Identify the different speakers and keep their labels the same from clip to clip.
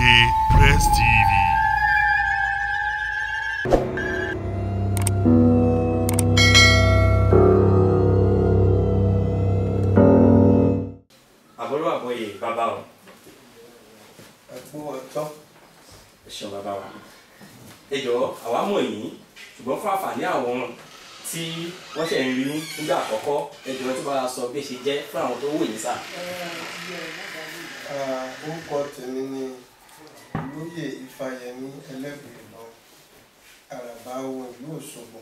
Speaker 1: UK Press TV. àbóyè bàbá o. ẹ̀gbọ́n ọ̀tọ́. ẹ ṣeun bàbá wa. ẹ jọ̀ọ́ àwa mọ̀ yín ṣùgbọ́n fún àǹfààní àwọn tí wọ́n ṣẹ̀ ń rí nígbà àkọ́kọ́ ẹ jọ̀ọ́ tó bá sọ bí ṣe jẹ́ fún àwọn tó wò yín sà.
Speaker 2: orúkọ tèmi ni olóyè ifáyẹmí ẹlẹ́bùìbọn àràbà ohun ìlú òṣogbo.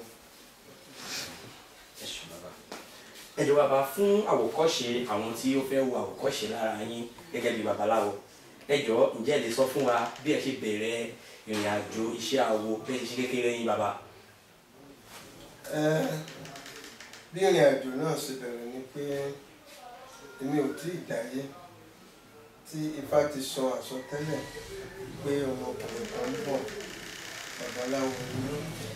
Speaker 1: ẹ bàbá fún àwòkọ́ṣe àwọn tí ó fẹ́ wo àwòkọ́ṣe lára yín gẹ́gẹ́ bí babaláwo ẹ ǹjẹ́ ẹ lè sọ fún wa bí ẹ ṣe bẹ̀rẹ̀ ìrìn àjò iṣẹ́ awo bẹ́ẹ̀ ṣe kékeré yín bàbá.
Speaker 2: bí ìrìn àjò náà ṣe bẹ̀rẹ̀ ni pé èmi ò tí ì dáyé tí ifá ti sọ àsọtẹ́lẹ̀ pé ọmọkùnrin kan ń bọ̀ babaláwo ni ó jẹ́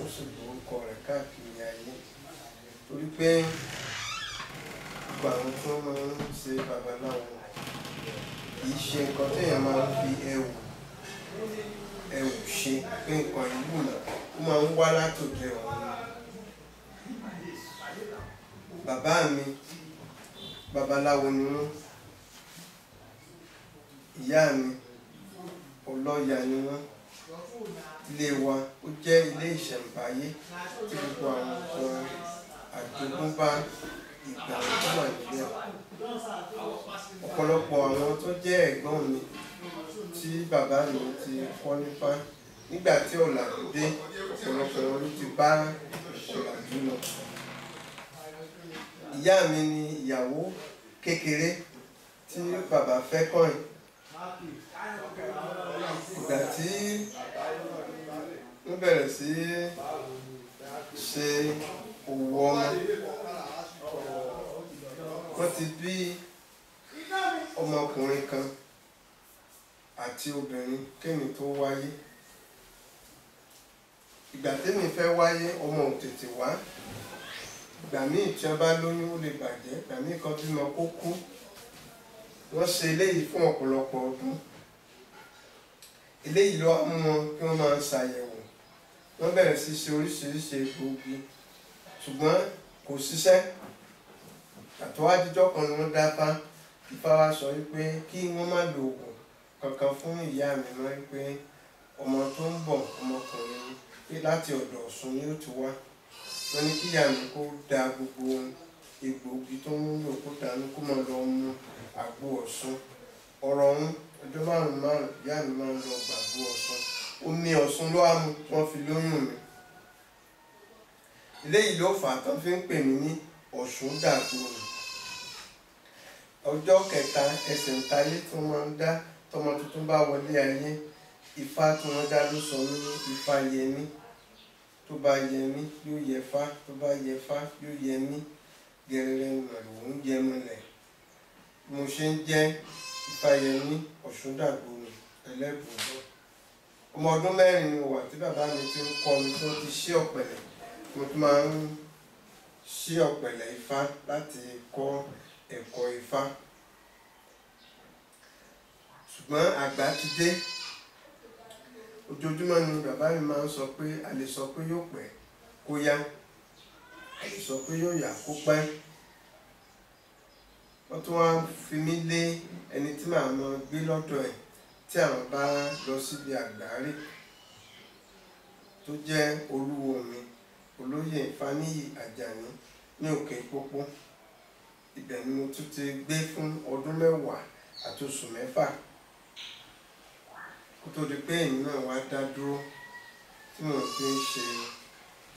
Speaker 2: ó sì lórúkọ rẹ̀ káàkiri ayé torí pé gbogbo àwọn tí wọ́n máa ń ṣe babaláwo kì í ṣe nǹkan téèyàn máa ń fi ẹ̀wù ẹ̀wù ṣe pé nǹkan ìlú náà ó máa ń wá látòkè ọ̀run bàbá mi babaláwo ni wọ́n ìyá mi ọlọ́yà ni wọ́n ilé wa ó jẹ́ ilé ìṣẹ̀ǹbáyé tí gbogbo àwọn nǹkan àjogúnbá ìgbà tó wà nílẹ̀ ọ̀pọ̀lọpọ̀ àwọn tó jẹ́ ẹ̀gbọ́n mi tí bàbá mi ti kọ́ nípa nígbà tí ọ̀làjú dé ọ̀pọ̀lọpọ̀ wọn ló ti bá ọ̀làjú lọ ìyá mi ni ìyàwó kékeré tí bàbá fẹ́ kọ́yìn ìgbà tí ó bẹ̀rẹ̀ sí ṣe òwò ọmọ wọ́n ti bí ọmọkùnrin kan àti obìnrin kéènì tó wáyé ìgbà tẹ́mi fẹ́ wáyé ọmọ ò tètè wá ìgbà míì tí wọ́n bá lóyún ó lè bàjẹ́ ìgbà míì kan bímọ kó kú wọ́n ṣe eléyìí fún ọ̀pọ̀lọpọ̀ ọdún eléyìí ló wá mú wọn kí wọ́n máa ṣàyẹ̀wò wọ́n bẹ̀rẹ̀ sí ṣe oríṣiríṣi egbòogi ṣùgbọ́n kò ṣiṣẹ́ àtọ́wájíjọ́ kan ni wọ́n dáfá ìfá wa sọ wípé kí wọ́n má lo oògùn kankan fún ìyá mi mọ́ wípé ọmọ tó ń bọ̀ ọmọkùnrin láti ọ̀dọ̀ Ọ̀ṣun ni ó ti wá wọ́n ní kí ìyá mi kó da gbogbo ohun egbòogi tó ń lò kó dání kó máa lọ mu àgbo ọ̀sán ọ̀rọ̀ ọ̀hún ọjọ́ márùn-ún márùn-ún ìyá mi máa ń lọ gbàgbó ọ̀sán ó ní ọ̀sán ló wá mu tí wọ́n fi lóyún mi eléyìí ló fà á tán fi ń pè mí ní ọ̀sùn dàgbò mi ọjọ́ kẹta ẹsẹ̀ ntayé tí wọ́n máa ń dá tọmọ tuntun bá wọlé ayé ifá tí wọ́n dá ló sọ mí ní ifá yẹmí tó bá yẹmí yóò yẹfá tó bá yẹfá yóò yẹmí gẹrẹrẹ ìrọ̀lẹ́ òun jẹ mọ́lẹ̀ bí mo ṣe ń jẹ́ ìfàyẹmí ọ̀ṣúndàgbò mi ẹlẹ́bùúbọ̀ ọmọ ọdún mẹ́rin ni wà tí bàbá mi ti ń kọ́ mi tó ti ṣí ọ̀pẹ̀lẹ̀ mo tún máa ń ṣí ọ̀pẹ̀lẹ̀ ifá láti kọ́ ẹ̀kọ́ ifá ṣùgbọ́n àgbà ti dé ojoojúmọ́ ni bàbá mi máa ń sọ pé a lè sọ pé yóò pẹ́ kó yá kì í sọ pé yóò yà kó pẹ́ wọ́n tún wá fi mí lé ẹni tí màá mọ gbé lọ́dọ̀ ẹ̀ tí àwọn bá lọ síbi àgbáre tó jẹ́ olúwo mi olóyè Fáníyì Àjàní ní òkè pópó ibẹ̀ ni mo tún ti gbé fún ọdún mẹ́wàá àti oṣù mẹ́fà kó tó di pé èmi náà wá dá dúró tí mo fi ń ṣe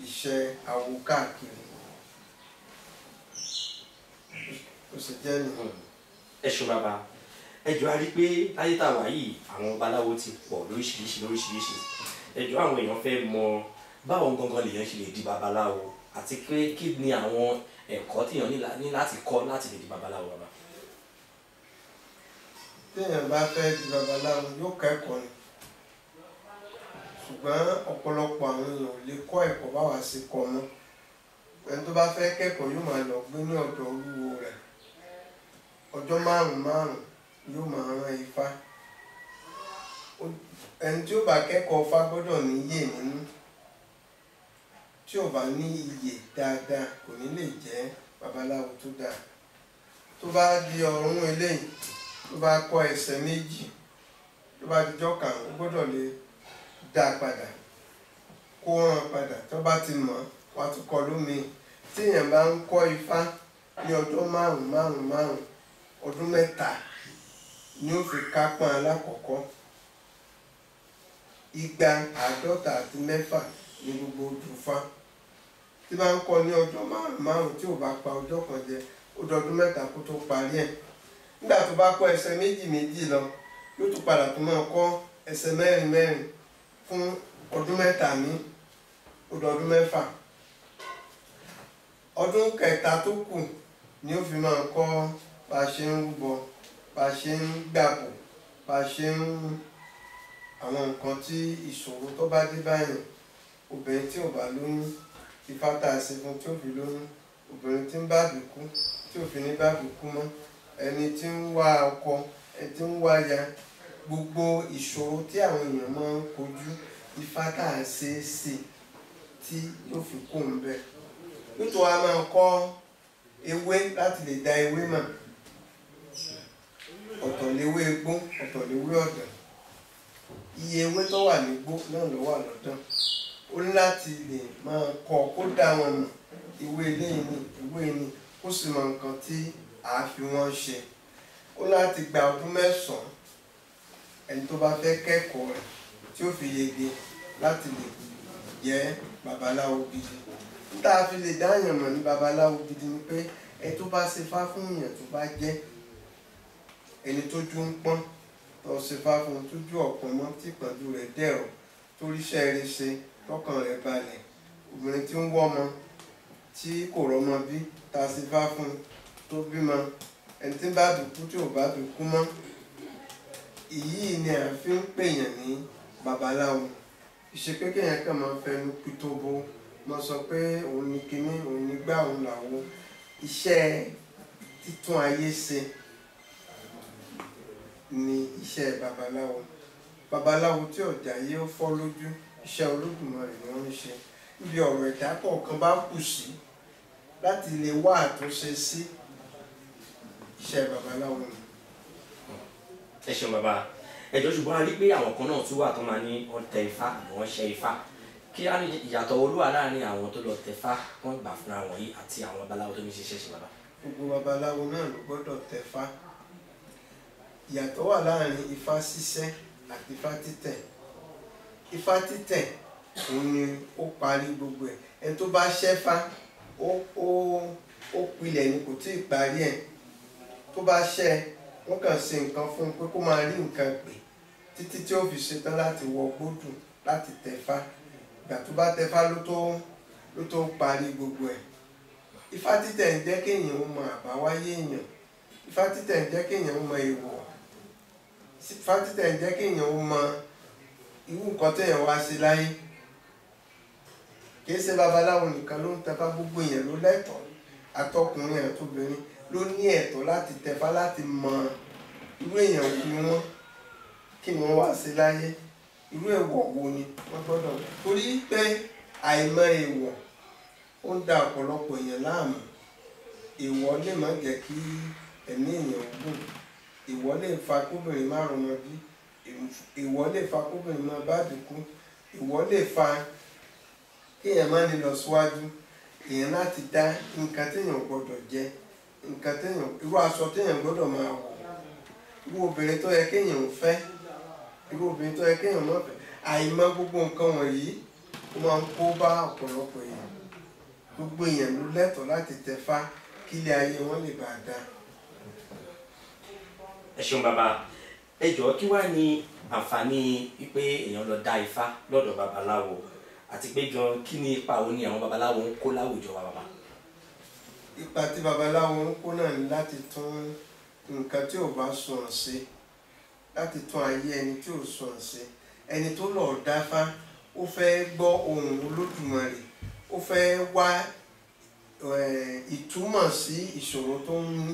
Speaker 1: iṣẹ́ awo káàkiri ó sì jẹ́ nìyẹn. Hmm. ẹ ṣe bàbá ẹ jọ a rí i pé láyé tá a wà yìí àwọn babaláwo ti pọ̀ lóríṣiríṣi lóríṣiríṣi ẹ jọ àwọn èèyàn fẹ́ mọ báwọn gangan lèèyàn ṣe lè di babaláwo àti pé kí ni àwọn ẹ̀kọ́ téèyàn ní láti kọ́ láti lè di babaláwo bàbá.
Speaker 2: téèyàn bá fẹ́ di babaláwo yóò kẹ́kọ̀ọ́ ni ṣùgbọ́n ọ̀pọ̀lọpọ̀ àwọn èèyàn ò lè kọ́ ẹ̀kọ́ báwa ṣe kọ́ mọ́ ẹni tó bá fẹ́ kẹ́kọ̀ọ́ yóò máa lọ gbé ní ọ̀dọ̀ olúwo rẹ̀ ọjọ́ márùn-ún márùn-ún yóò máa rán ifá ẹni tí ó bá kẹ́kọ̀ọ́ fá gbọ́dọ̀ ní iyè nínú tí ò bá ní iyè dáadáa kò ní lè jẹ́ babaláwo tó dáa tó bá di ọ̀run eléyìí tó bá kọ́ ẹsẹ̀ méjì tó bá dijọ́ kan ó gbọ́dọ̀ lè dá padà kó ràn padà tó bá ti mọ̀ wá tún kọ lómi téèyàn bá ń kọ́ ifá ní ọdún márùn márùn márùn ọdún ni ó fi kápọ́n alákọ̀ọ́kọ́ igba àádọ́ta àti mẹ́fà ní gbogbo odùfá tí bá ń kọ́ ní ọjọ́ márùn márùn tí ò bá pa ọjọ́ kan jẹ ó dọdún mẹ́ta kó lọ yóò tún padà tó máa kọ́ ẹsẹ̀ fún ọdún mẹ́ta ní ọdọọdún mẹ́fà ọdún kẹta tó kù ni ó fi máa kọ́ bá a ṣe ń rúbọ bá a ṣe ń gbàbọ bá a ṣe ń àwọn nǹkan tí ìṣòro tó bá dé báyìí obìnrin tí ò bá lóyún ifá tá a ṣe fún tí ò fi lóyún obìnrin tí ń bá àbíkú tí ò fi ní bá àbíkú mọ́ ẹni tí ń wá ọkọ ẹni tí ń wá ya gbogbo ìṣòro tí àwọn èèyàn máa ń kojú ifá tá à ń ṣe é ṣe tí yóò fi kó ń bẹ nítorí a máa kọ́ ewé láti lè da ewé mọ̀ ọ̀tọ̀ léwé egbó ọ̀tọ̀ léwé ọ̀dàn iye ewé tó wà nígbó náà ló wà lọ́dàn ó ní láti lè máa kọ kó dá wọn mọ̀ ewé eléyìí ni ewé ni ó sì mọ nǹkan tí a fi wọ́n ṣe ó láti gba ọdún mẹ́sàn-án ẹni tó bá fẹ́ kẹ́kọ̀ọ́ rẹ̀ tí ó fi yege láti lè jẹ́ babaláwo gidi tá a fi lè dáyàn mọ̀ ní babaláwo gidi ni pé ẹni tó bá ṣe fá fún èèyàn tó bá jẹ́ ẹni tójú ń pọ́n tó ṣe fá fún un tójú ọ̀pọ̀ mọ́ tí pẹ̀lú rẹ̀ dẹ̀rọ̀ toríṣẹ́ rẹ̀ ṣe tọkàn rẹ̀ balẹ̀ obìnrin tí ń wọ́ ọmọ tí kò rọ́mọ bí tá a ṣe fá fún un tó bímọ ẹni tí bá dùkú tí ò bá dùkú mọ́ èyí ni à ń fi ń pèèyàn ní babaláwo ìṣe pé kéèyàn kàn máa fẹnu pitobo mo sọ pé òun ni kinní òun ni gbá òun làwo iṣẹ́ títún ayé ṣe ni iṣẹ́ babaláwo babaláwo tí ọ̀jà yé ó fọ́ lójú iṣẹ́ Olódùmarè ni wọ́n ń ṣe níbi ọ̀rọ̀ ẹ̀dá kọ̀ọ̀kan bá kù sí láti lè wá àtúnṣe sí
Speaker 1: iṣẹ́ babaláwo ni ẹ ṣeun bàbá ẹjọ́ ṣùgbọ́n a rí pé àwọn kan náà tún wà tó máa ní wọ́n tẹ ifá àbí wọ́n ṣe ifá kí á ní ìyàtọ̀ olúwa láàrin àwọn tó lọ tẹfá wọ́n gbà fúnra wọn yìí àti àwọn babaláwo tó ní ṣiṣẹ́ ṣe bàbá.
Speaker 2: gbogbo babaláwo náà ló gbọ́dọ̀ tẹfá ìyàtọ̀ wà láàrin ifá ṣíṣẹ́ àti ifá títẹ̀ ifá títẹ̀ òun ni ó parí gbogbo ẹ̀ ẹni tó bá ṣẹ́fá ó ó ó pilẹ̀ ni kò tí ì parí ẹ̀ tó bá ṣẹ́ ẹ wọ́n kàn ṣe nǹkan fún un pé kó máa rí nǹkan pè títí tí ó fi ṣetán láti wọ gbódùn láti tẹ̀fá ìgbà tó bá tẹ̀fá ló tó ló tó parí gbogbo ẹ̀ ifá títẹ̀ ń jẹ́ kéèyàn ó mọ àbáwáyé èèyàn ifá títẹ̀ ń jẹ́ kéèyàn ó mọ èèwọ̀ ifá títẹ̀ ń jẹ́ kéèyàn ó mọ irú nǹkan téèyàn wá sí láyé kìí ṣe babaláwo nìkan ló ń tẹ̀fá gbogbo èèyàn ló lẹ́tọ̀ọ́ àtọkùnrin àtobìnrin ló ní ẹ̀tọ́ láti tẹ̀fá láti mọ irú èèyàn kú wọn kí ni wọ́n wá sí láyé irú èèwọ̀ wo ni wọ́n gbọ́dọ̀ torí pé àìmọ̀ èèwọ̀ ó ń da ọ̀pọ̀lọpọ̀ èèyàn láàmú èèwọ̀ lè má jẹ́ kí ẹ̀mí èèyàn gùn èèwọ̀ lè fa kóbìnrin márùn wọn bí èèwọ̀ lè fa kóbìnrin máa bá dùkú èèwọ̀ lè fa kéèyàn má ní lọ síwájú èèyàn láti dá nǹkan téèyàn gbọ́dọ̀ jẹ nǹkan téèyàn irú aṣọ téèyàn gbọ́dọ̀ máa wọ̀ irú obìnrin tó yẹ kéèyàn ń fẹ́ irú obìnrin tó yẹ kéèyàn mọ̀ fẹ́ àìmọ̀ gbogbo nǹkan wọ̀nyí ó máa ń kó bá ọ̀pọ̀lọpọ̀ èèyàn gbogbo èèyàn ló lẹ́tọ̀ọ́ láti tẹ̀fá kí ilé ayé wọn lè bàa dáa.
Speaker 1: ẹ ṣeun bàbá ẹ jọ̀ọ́ kí wàá ní àǹfààní pípé èèyàn lọ dá ifá lọ́dọ̀ babaláwo àti pé gan kí ni ipa wo ni àwọn babaláwo ń kó láwùjọ wa bàbá
Speaker 2: ipa tí babaláwo ń kó náà ni láti tún nǹkan tí ò bá sùn ṣe láti tún ayé ẹni tí ò sùn ṣe ẹni tó lọ dáfá ó fẹ́ gbọ́ ohùn olódùmarè ó fẹ́ wá ìtumọ̀ sí ìṣòro tó ń ní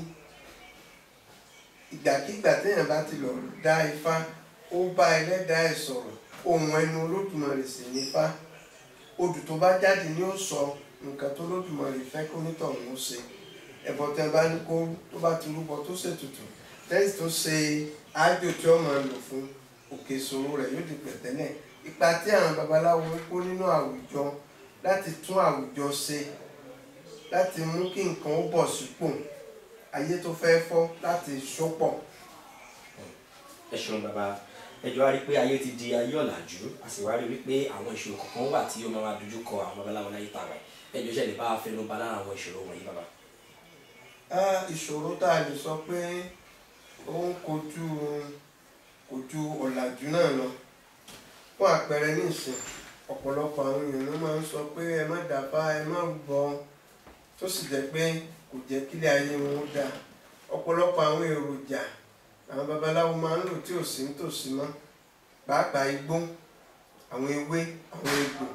Speaker 2: ìgbàkigbà téèyàn bá ti lọ dá ifá ó bá ẹlẹ́dàá ẹ̀ sọ̀rọ̀ ohun ẹnu olódùmarè sì nífá odù tó bá jáde ni ó sọ. So nǹkan tó lódùmarè fẹ́ kó nítọ̀hún ó ṣe ẹbọ tẹ́ bá ní kó tó bá ti rúbọ tó ṣètùtù tẹ́sí tó ṣe ájò tí ó máa lò fún òkè ìṣòro rẹ̀ yóò di pẹ̀tẹ́lẹ̀ ipa tí àwọn babaláwo ń kó nínú àwùjọ láti tún àwùjọ ṣe láti mú kí nǹkan ó bọ̀ sípò ayé tó
Speaker 1: fẹ́ fọ́ láti sopọ̀. ẹ ṣeun bàbá ẹjọ́ wa rí i pé ayé ti di ayé ọ̀làjú a sì wá rí i pé àwọn ìṣòro kọ̀ọ̀kan wà tí ó máa dojú kọ àwọn babaláwo láyé tàwa ẹjọ́ ṣe lè bá a fẹnu ba lára àwọn ìṣòro wọ̀nyí bàbá. ìṣòro tá a
Speaker 2: lè sọ pé ó ń kojú kojú ọ̀làjú náà lọ fún àpẹẹrẹ nísìn ọ̀pọ̀lọpọ̀ àwọn èèyàn ló máa ń sọ pé ẹ má dàbá ẹ má gbọ́ tó sì jẹ́ pé kò jẹ́ kílẹ̀ ayé wọn ó dáa ọ̀pọ̀lọpọ̀ àwọn èròjà àwọn babaláwo máa ń lò tí ò sí nítòsí mọ́ pàápàá igbó àwọn ewé àwọn egbò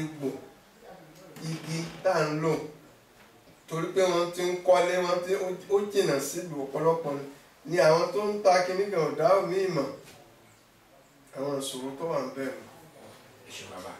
Speaker 2: egbò igi tá à ń lò torí pé wọ́n ti ń kọ́lé wọ́n ti ó jìnnà sílùú ọ̀pọ̀lọpọ̀ ni àwọn tó ń ta kinní kan ò dá òmíì mọ̀ àwọn ìṣòro tó wà ń bẹ̀rù. ẹ ṣe bàbá